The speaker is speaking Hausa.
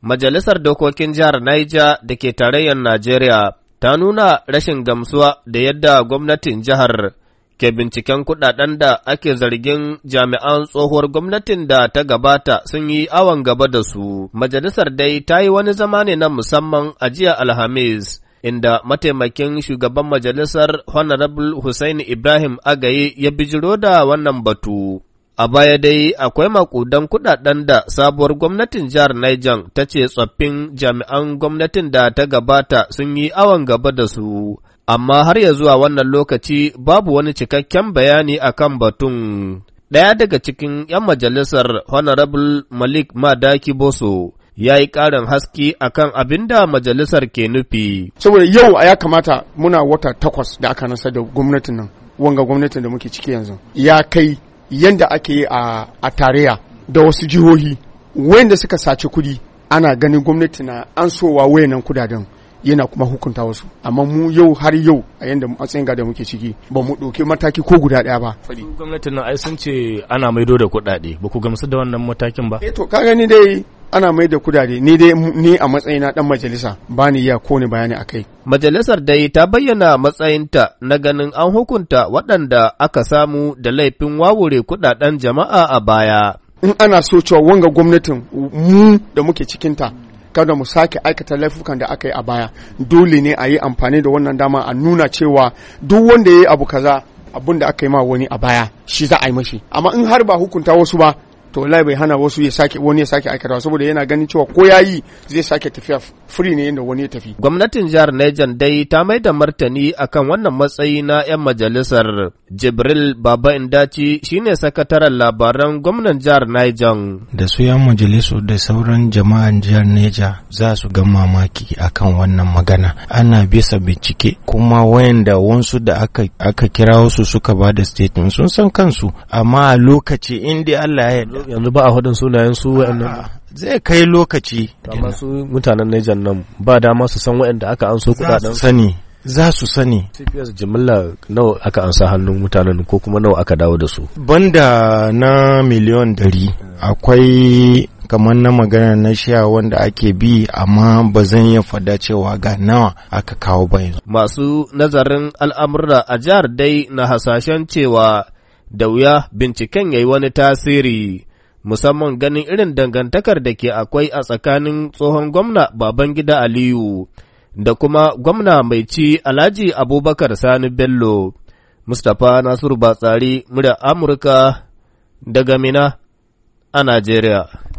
Majalisar Dokokin Jihar Niger da ke tarayyar Najeriya ta nuna rashin gamsuwa da yadda gwamnatin jihar ke binciken kudaden da ake zargin jami'an tsohuwar gwamnatin da ta gabata sun yi awon gaba da su. Majalisar dai ta yi wani zama ne na musamman a jiya Alhamis, inda mataimakin shugaban majalisar Honorable Hussein Ibrahim Agaye ya bijiro da wannan batu. A baya dai akwai makudan kudaden da sabuwar gwamnatin jihar Niger ta ce tsoffin jami'an gwamnatin da ta gabata sun yi awon gaba da su, amma har ya zuwa wannan lokaci babu wani cikakken bayani akan batun. Ɗaya daga cikin ‘yan majalisar Honorable Malik Madaki Boso ya yi ƙarin haske kan abin da majalisar ke nufi. Saboda yau a ya kamata muna wata takwas da aka nasa da gwamnatin nan, wanga gwamnatin da muke ciki yanzu. Ya kai yanda ake yi a tarayya da wasu jihohi wayanda suka sace kuɗi ana ganin gwamnati na an sowa wayannan kudaden yana kuma hukunta wasu amma mu yau har yau a yanda matsayin gada muke ciki ba mu ɗauki mataki ko guda ɗaya ba. gwamnatin nan ai sun ce ana maido da kuɗaɗe ba ku gamsu da wannan matakin ba. eh to ka gani dai ana mai da kudade ni dai ni a matsayina dan majalisa bani ya iya kone bayani akai Majalisar dai ta bayyana matsayinta na ganin an hukunta waɗanda aka samu da laifin wawure kudaden jama'a a baya. In ana so cewa wanga gwamnatin mu da muke cikinta kada mu sake aikata laifukan da aka yi a baya dole ne a yi amfani da wannan dama a nuna cewa duk wanda ya yi abu kaza abun da aka yi ma wani a baya shi za a yi mashi amma in har ba hukunta wasu ba to lai bai hana wasu ya sake wani ya sake aikata saboda yana ganin cewa ko ya yi zai sake tafiya Furi ne inda wani ya tafi gwamnatin jihar Niger dai ta mai da martani akan wannan matsayi na 'yan majalisar Jibril Baba Indaci shine sakataren labaran gwamnan jihar Niger da su 'yan majalisu da sauran jama'an jihar Niger za su ga mamaki akan wannan magana ana bisa bincike kuma wayanda wansu da aka, aka kira wasu suka ba da statement sun san kansu amma lokaci inda Allah ya yanzu ba a hudun sunayen su zai kai lokaci amma su mutanen Niger nan ba dama su san waɗanda aka so kudaden sani za su sani cps jimilla nawa aka ansa hannun mutanen ko kuma nawa aka dawo da su banda na miliyon dari akwai kamar na magana na shiya wanda ake bi amma ba zan iya fada cewa ga nawa aka kawo ba yanzu masu nazarin al'amurra a jihar dai na hasashen cewa da wuya binciken yayi wani tasiri musamman ganin irin dangantakar da ke akwai a tsakanin tsohon gwamna Babangida Aliyu da kuma gwamna mai ci Alhaji Abubakar Sani Bello, Mustapha Nasiru Batsari, murya Amurka daga Mina a Najeriya.